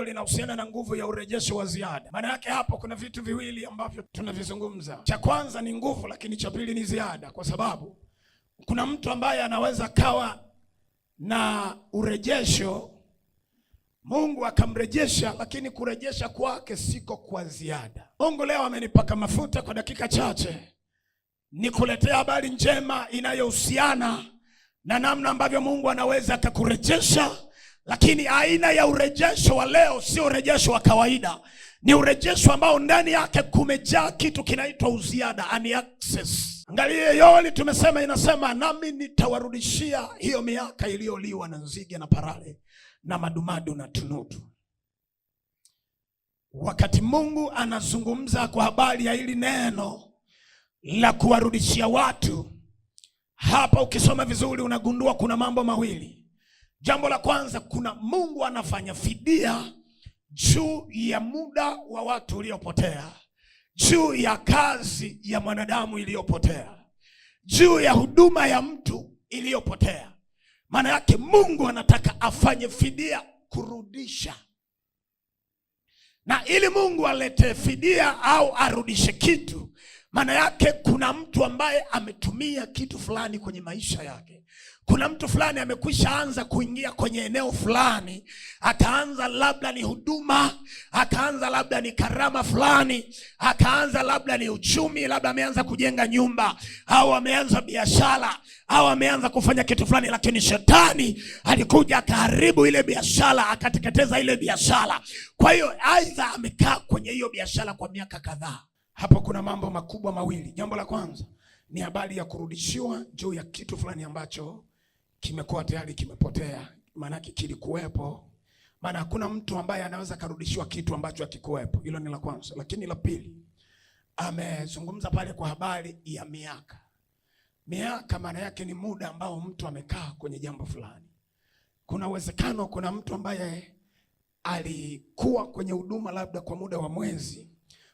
ambayo linahusiana na nguvu ya urejesho wa ziada. Maana yake hapo kuna vitu viwili ambavyo tunavizungumza, cha kwanza ni nguvu, lakini cha pili ni ziada, kwa sababu kuna mtu ambaye anaweza kawa na urejesho, Mungu akamrejesha, lakini kurejesha kwake siko kwa ziada. Mungu leo amenipaka mafuta kwa dakika chache nikuletea habari njema inayohusiana na namna ambavyo Mungu anaweza akakurejesha lakini aina ya urejesho wa leo sio urejesho wa kawaida, ni urejesho ambao ndani yake kumejaa kitu kinaitwa uziada, ani access. Angalia Yoeli, tumesema inasema, nami nitawarudishia hiyo miaka iliyoliwa na nzige na parare na madumadu na tunutu. Wakati Mungu anazungumza kwa habari ya hili neno la kuwarudishia watu hapa, ukisoma vizuri unagundua kuna mambo mawili Jambo la kwanza, kuna Mungu anafanya fidia juu ya muda wa watu uliopotea, juu ya kazi ya mwanadamu iliyopotea, juu ya huduma ya mtu iliyopotea. Maana yake Mungu anataka afanye fidia kurudisha, na ili Mungu alete fidia au arudishe kitu, maana yake kuna mtu ambaye ametumia kitu fulani kwenye maisha yake kuna mtu fulani amekwisha anza kuingia kwenye eneo fulani, akaanza labda ni huduma, akaanza labda ni karama fulani, akaanza labda ni uchumi, labda ameanza kujenga nyumba au ameanza biashara au ameanza kufanya kitu fulani, lakini shetani alikuja akaharibu ile biashara, akateketeza ile biashara. Kwa hiyo aidha amekaa kwenye hiyo biashara kwa miaka kadhaa. Hapo kuna mambo makubwa mawili. Jambo la kwanza ni habari ya kurudishiwa juu ya kitu fulani ambacho kimekuwa tayari kimepotea, maanake kilikuwepo. Maana hakuna mtu ambaye anaweza karudishiwa kitu ambacho hakikuwepo. Hilo ni la kwanza, lakini la pili amezungumza pale kwa habari ya miaka. Miaka maana yake ni muda ambao mtu amekaa kwenye jambo fulani. Kuna uwezekano kuna mtu ambaye alikuwa kwenye huduma labda kwa muda wa mwezi.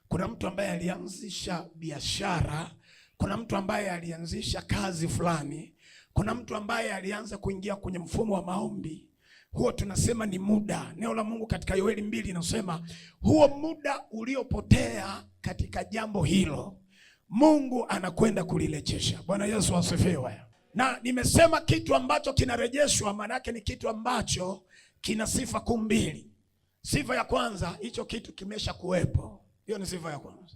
Kuna mtu ambaye alianzisha biashara, kuna mtu ambaye alianzisha kazi fulani, kuna mtu ambaye alianza kuingia kwenye mfumo wa maombi, huo tunasema ni muda. Neno la Mungu katika Yoeli mbili inasema huo muda uliopotea katika jambo hilo Mungu anakwenda kulirejesha. Bwana Yesu asifiwe. Na nimesema kitu ambacho kinarejeshwa, maana ni kitu ambacho kina sifa kuu mbili. Sifa ya kwanza, hicho kitu kimesha kuwepo. Hiyo ni sifa ya kwanza.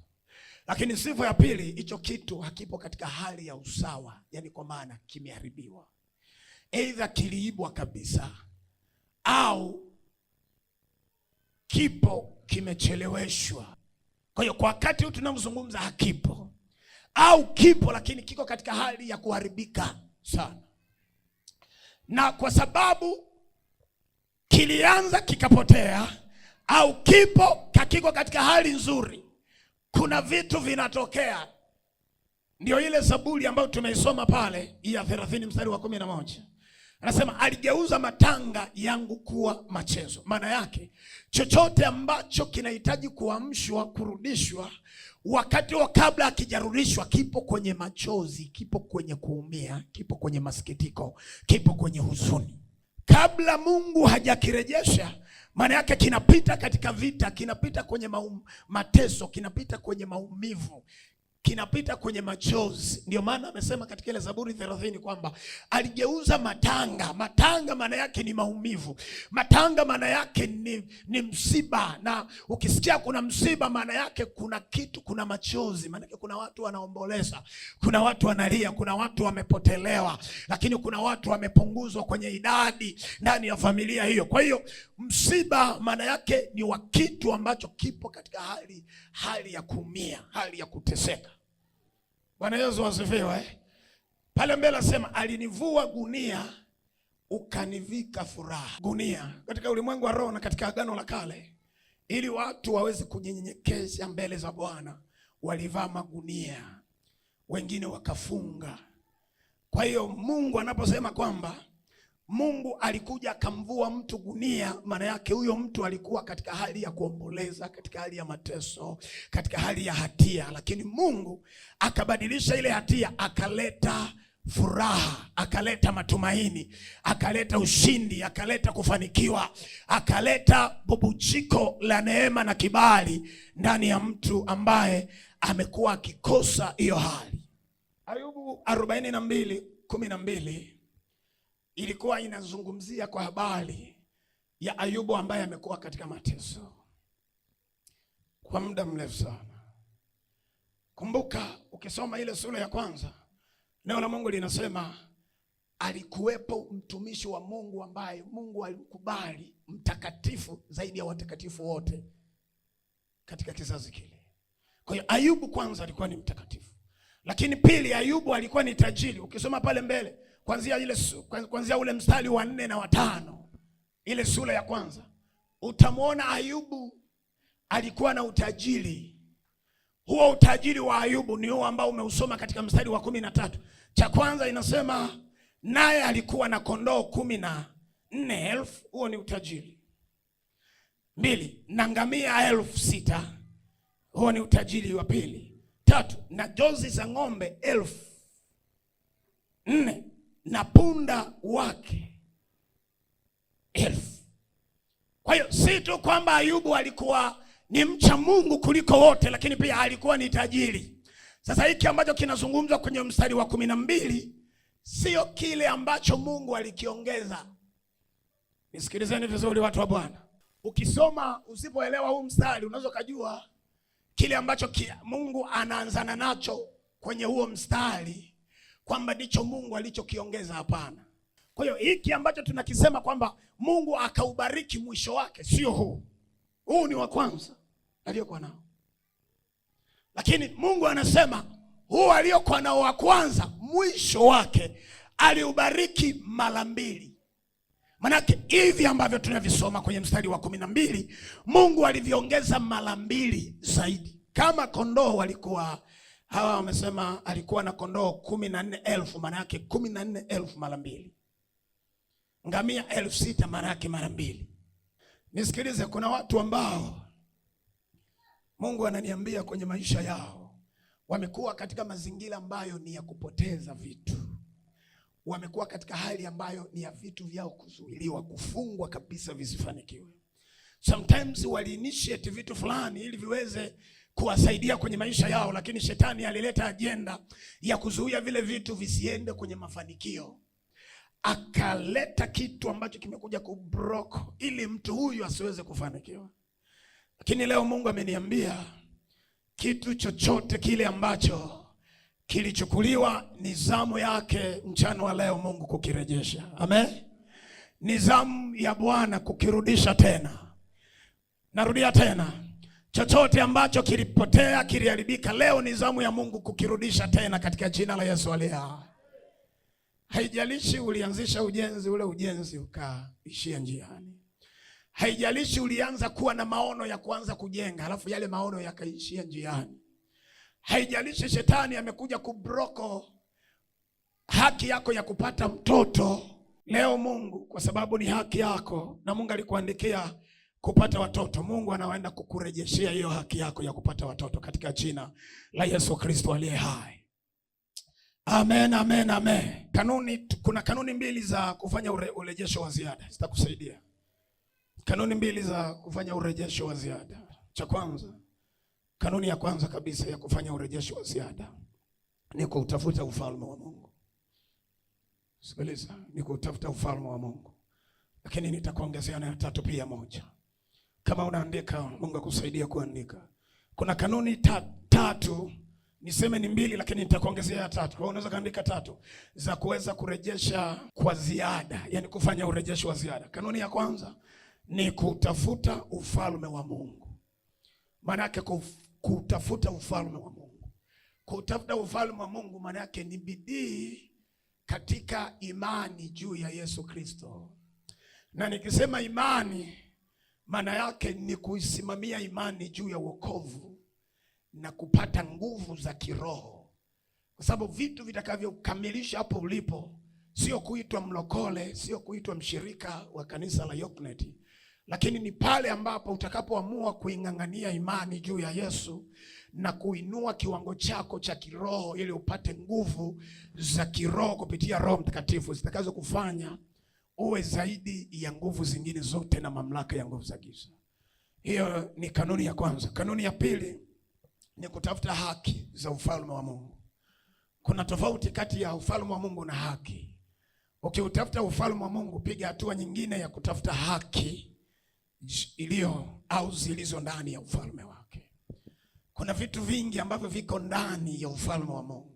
Lakini sifa ya pili, hicho kitu hakipo katika hali ya usawa, yani kwa maana kimeharibiwa, aidha kiliibwa kabisa au kipo kimecheleweshwa. Kwa hiyo kwa wakati huu tunamzungumza hakipo au kipo, lakini kiko katika hali ya kuharibika sana, na kwa sababu kilianza kikapotea au kipo kakiko katika hali nzuri kuna vitu vinatokea. Ndio ile Zaburi ambayo tumeisoma pale ya 30 mstari wa 11. Anasema aligeuza matanga yangu kuwa machezo. Maana yake chochote ambacho kinahitaji kuamshwa, kurudishwa, wakati wa kabla akijarudishwa, kipo kwenye machozi, kipo kwenye kuumia, kipo kwenye masikitiko, kipo kwenye huzuni kabla Mungu hajakirejesha maana yake kinapita katika vita, kinapita kwenye maum, mateso, kinapita kwenye maumivu, kinapita kwenye machozi. Ndio maana amesema katika ile Zaburi thelathini kwamba aligeuza matanga. Matanga maana yake ni maumivu, matanga maana yake ni, ni msiba. Na ukisikia kuna msiba, maana yake kuna kitu, kuna machozi, maanake kuna watu wanaomboleza, kuna watu wanalia, kuna watu wamepotelewa, lakini kuna watu wamepunguzwa kwenye idadi ndani ya familia hiyo. Kwa hiyo msiba maana yake ni wa kitu ambacho kipo katika hali hali ya kuumia, hali ya kuteseka. Bwana Yesu asifiwe eh? Pale mbele asema alinivua gunia ukanivika furaha. Gunia katika ulimwengu wa roho na katika agano la kale, ili watu waweze kunyenyekesha mbele za Bwana walivaa magunia, wengine wakafunga. Kwa hiyo Mungu anaposema kwamba Mungu alikuja akamvua mtu gunia, maana yake huyo mtu alikuwa katika hali ya kuomboleza, katika hali ya mateso, katika hali ya hatia, lakini Mungu akabadilisha ile hatia, akaleta furaha, akaleta matumaini, akaleta ushindi, akaleta kufanikiwa, akaleta bubujiko la neema na kibali ndani ya mtu ambaye amekuwa akikosa hiyo hali. Ayubu arobaini ilikuwa inazungumzia kwa habari ya Ayubu ambaye amekuwa katika mateso kwa muda mrefu sana. Kumbuka, ukisoma ile sura ya kwanza, neno la Mungu linasema alikuwepo mtumishi wa Mungu ambaye Mungu alikubali, mtakatifu zaidi ya watakatifu wote katika kizazi kile. Kwa hiyo Ayubu kwanza alikuwa ni mtakatifu, lakini pili, Ayubu alikuwa ni tajiri. Ukisoma pale mbele kwanzia ile kwanzia ule mstari wa nne na watano ile sura ya kwanza, utamwona Ayubu alikuwa na utajiri. Huo utajiri wa Ayubu ni huo ambao umeusoma katika mstari wa kumi na tatu. Cha kwanza inasema naye alikuwa na kondoo kumi na nne elfu, huo ni utajiri. Mbili, na ngamia elfu sita, huo ni utajiri wa pili. Tatu, na jozi za ng'ombe elfu nne na punda wake elfu. Kwa hiyo si tu kwamba Ayubu alikuwa ni mcha Mungu kuliko wote, lakini pia alikuwa ni tajiri. Sasa hiki ambacho kinazungumzwa kwenye mstari wa kumi na mbili sio kile ambacho Mungu alikiongeza. Nisikilizeni vizuri, watu wa Bwana. Ukisoma usipoelewa huu mstari, unaweza ukajua kile ambacho kia, Mungu anaanzana nacho kwenye huo mstari kwamba ndicho Mungu alichokiongeza. Hapana. Kwa hiyo hiki ambacho tunakisema kwamba Mungu akaubariki mwisho wake, sio huu. Huu ni wa kwanza aliyokuwa nao, lakini Mungu anasema huu aliyokuwa nao wa kwanza, mwisho wake aliubariki mara mbili. Manake hivi ambavyo tunavisoma kwenye mstari wa kumi na mbili, Mungu aliviongeza mara mbili zaidi. Kama kondoo walikuwa hawa wamesema alikuwa na kondoo kumi na nne elfu maana yake kumi na nne elfu mara mbili, ngamia elfu sita maana yake mara mbili. Nisikilize, kuna watu ambao Mungu ananiambia kwenye maisha yao wamekuwa katika mazingira ambayo ni ya kupoteza vitu, wamekuwa katika hali ambayo ni ya vitu vyao kuzuiliwa, kufungwa kabisa visifanikiwe. Sometimes wali initiate vitu fulani ili viweze kuwasaidia kwenye maisha yao, lakini shetani alileta ajenda ya kuzuia vile vitu visiende kwenye mafanikio. Akaleta kitu ambacho kimekuja kubroko ili mtu huyu asiweze kufanikiwa. Lakini leo Mungu ameniambia kitu chochote kile ambacho kilichukuliwa, ni zamu yake mchana wa leo Mungu kukirejesha. Amen. Ni zamu ya Bwana kukirudisha tena. Narudia tena Chochote ambacho kilipotea kiliharibika, leo ni zamu ya Mungu kukirudisha tena katika jina la Yesu aliye Haijalishi ulianzisha ujenzi, ule ujenzi ukaishia njiani. Haijalishi ulianza kuwa na maono ya kuanza kujenga, halafu yale maono yakaishia njiani. Haijalishi shetani amekuja kubroko haki yako ya kupata mtoto. Leo Mungu, kwa sababu ni haki yako na Mungu alikuandikia kupata watoto. Mungu anaenda kukurejeshea hiyo haki yako ya kupata watoto katika jina la Yesu Kristo aliye hai. Amen, amen, amen. Kanuni, kuna kanuni mbili za kufanya ure, urejesho wa ziada zitakusaidia. Kanuni mbili za kufanya urejesho wa ziada. Cha kwanza, kanuni ya kwanza kabisa ya kufanya urejesho wa ziada ni kuutafuta ufalme wa Mungu. Sikiliza, ni kuutafuta ufalme wa Mungu, lakini nitakuongezea na tatu pia moja kama unaandika Mungu akusaidia kuandika. Kuna kanuni ta, tatu niseme ni mbili lakini nitakuongezea tatu. Kwa unaweza kaandika tatu za kuweza kurejesha kwa ziada, yani kufanya urejesho wa ziada. Kanuni ya kwanza ni kutafuta ufalme wa Mungu. Maana yake kutafuta ufalme wa Mungu. Kutafuta ufalme wa Mungu maana yake ni bidii katika imani juu ya Yesu Kristo. Na nikisema imani maana yake ni kuisimamia imani juu ya wokovu na kupata nguvu za kiroho, kwa sababu vitu vitakavyokamilisha hapo ulipo sio kuitwa mlokole, sio kuitwa mshirika wa kanisa la Yoknet, lakini ni pale ambapo utakapoamua kuing'ang'ania imani juu ya Yesu na kuinua kiwango chako cha kiroho ili upate nguvu za kiroho kupitia Roho Mtakatifu zitakazokufanya uwe zaidi ya nguvu zingine zote na mamlaka ya nguvu za giza. Hiyo ni kanuni ya kwanza. Kanuni ya pili ni kutafuta haki za ufalme wa Mungu. Kuna tofauti kati ya ufalme wa Mungu na haki. Ukiutafuta ufalme wa Mungu, piga hatua nyingine ya kutafuta haki iliyo au zilizo ndani ya ufalme wake. Kuna vitu vingi ambavyo viko ndani ya ufalme wa Mungu.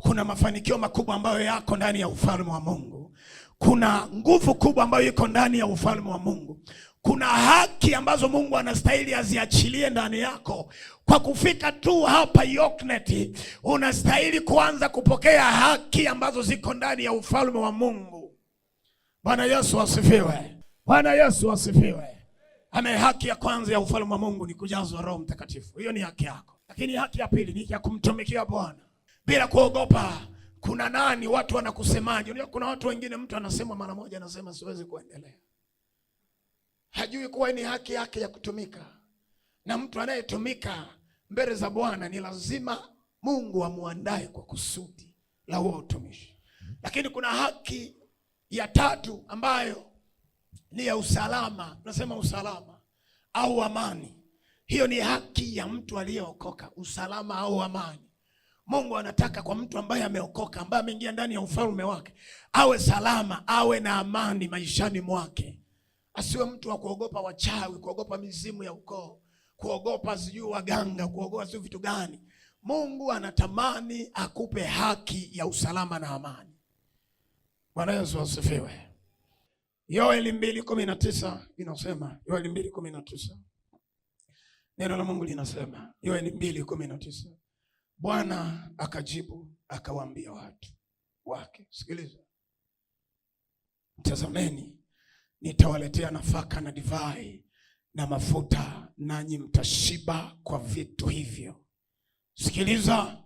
Kuna mafanikio makubwa ambayo yako ndani ya ufalme wa Mungu. Kuna nguvu kubwa ambayo iko ndani ya ufalme wa Mungu. Kuna haki ambazo Mungu anastahili aziachilie ndani yako. Kwa kufika tu hapa Yoknet, unastahili kuanza kupokea haki ambazo ziko ndani ya ufalme wa Mungu. Bwana Yesu asifiwe! Bwana Yesu asifiwe! Ame, haki ya kwanza ya ufalme wa Mungu ni kujazwa Roho Mtakatifu. Hiyo ni haki yako, lakini haki ya pili ni ya kumtumikia Bwana bila kuogopa kuna nani, watu wanakusemaje. Unajua kuna watu wengine, mtu anasema mara moja, anasema siwezi kuendelea, hajui kuwa ni haki yake ya kutumika. Na mtu anayetumika mbele za Bwana ni lazima Mungu amwandae kwa kusudi la huo utumishi. Lakini kuna haki ya tatu ambayo ni ya usalama, tunasema usalama au amani. Hiyo ni haki ya mtu aliyeokoka, usalama au amani. Mungu anataka kwa mtu ambaye ameokoka, ambaye ameingia ndani ya ufalme wake, awe salama, awe na amani maishani mwake, asiwe mtu wa kuogopa wachawi, kuogopa mizimu ya ukoo, kuogopa sijui waganga, kuogopa sijui vitu gani. Mungu anatamani akupe haki ya usalama na amani. Bwana Yesu asifiwe. Yoeli mbili kumi na tisa inasema, Yoeli mbili kumi na tisa neno la Mungu linasema, Yoeli mbili kumi na tisa Bwana akajibu akawaambia watu wake, sikiliza, tazameni, nitawaletea nafaka na divai na mafuta, nanyi mtashiba kwa vitu hivyo. Sikiliza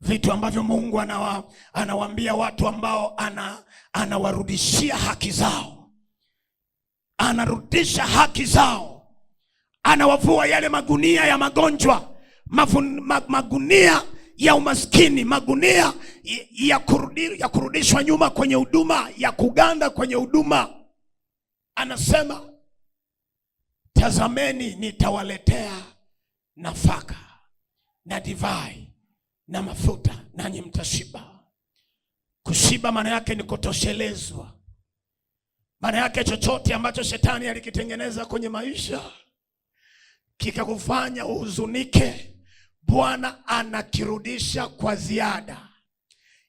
vitu ambavyo Mungu anawa, anawaambia watu ambao ana, anawarudishia haki zao, anarudisha haki zao, anawavua yale magunia ya magonjwa mafun, magunia ya umaskini, magunia ya, kurudi, ya kurudishwa nyuma kwenye huduma, ya kuganda kwenye huduma. Anasema tazameni, nitawaletea nafaka na divai na mafuta, nanyi mtashiba. Kushiba maana yake ni kutoshelezwa. Maana yake chochote ambacho shetani alikitengeneza kwenye maisha kikakufanya uhuzunike Bwana anakirudisha kwa ziada,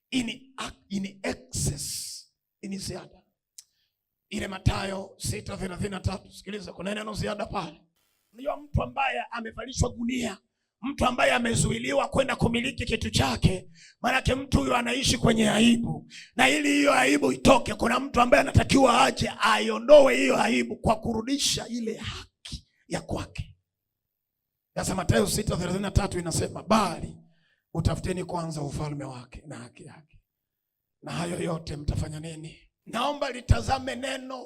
in, in excess, in ziada. Ile Mathayo sita Sikiliza, kuna neno ziada pale. Unajua, mtu ambaye amevalishwa gunia, mtu ambaye amezuiliwa kwenda kumiliki kitu chake, maanake mtu huyo anaishi kwenye aibu, na ili hiyo aibu itoke, kuna mtu ambaye anatakiwa aje aiondoe hiyo aibu kwa kurudisha ile haki ya kwake. Sasa Mathayo 6:33 inasema, bali utafuteni kwanza ufalme wake na haki yake, na hayo yote mtafanya nini? Naomba litazame neno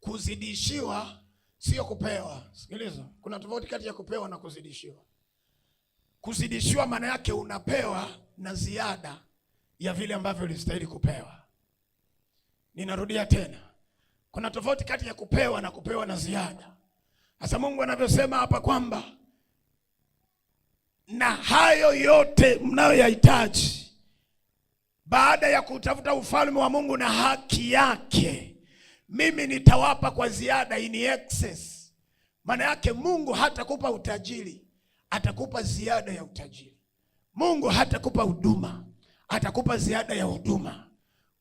kuzidishiwa, sio kupewa. Sikiliza, kuna tofauti kati ya kupewa na kuzidishiwa. Kuzidishiwa maana yake unapewa na ziada ya vile ambavyo ulistahili kupewa. Ninarudia tena, kuna tofauti kati ya kupewa na kupewa na ziada. Sasa Mungu anavyosema hapa kwamba na hayo yote mnayoyahitaji baada ya kutafuta ufalme wa Mungu na haki yake, mimi nitawapa kwa ziada, in excess. Maana yake Mungu hatakupa utajiri, atakupa ziada ya utajiri. Mungu hatakupa huduma, atakupa ziada ya huduma.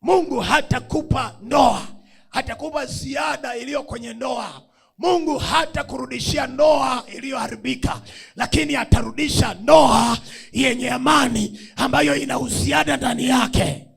Mungu hatakupa ndoa, atakupa ziada iliyo kwenye ndoa. Mungu hata kurudishia ndoa iliyoharibika, lakini atarudisha ndoa yenye amani ambayo ina uhusiano ndani yake.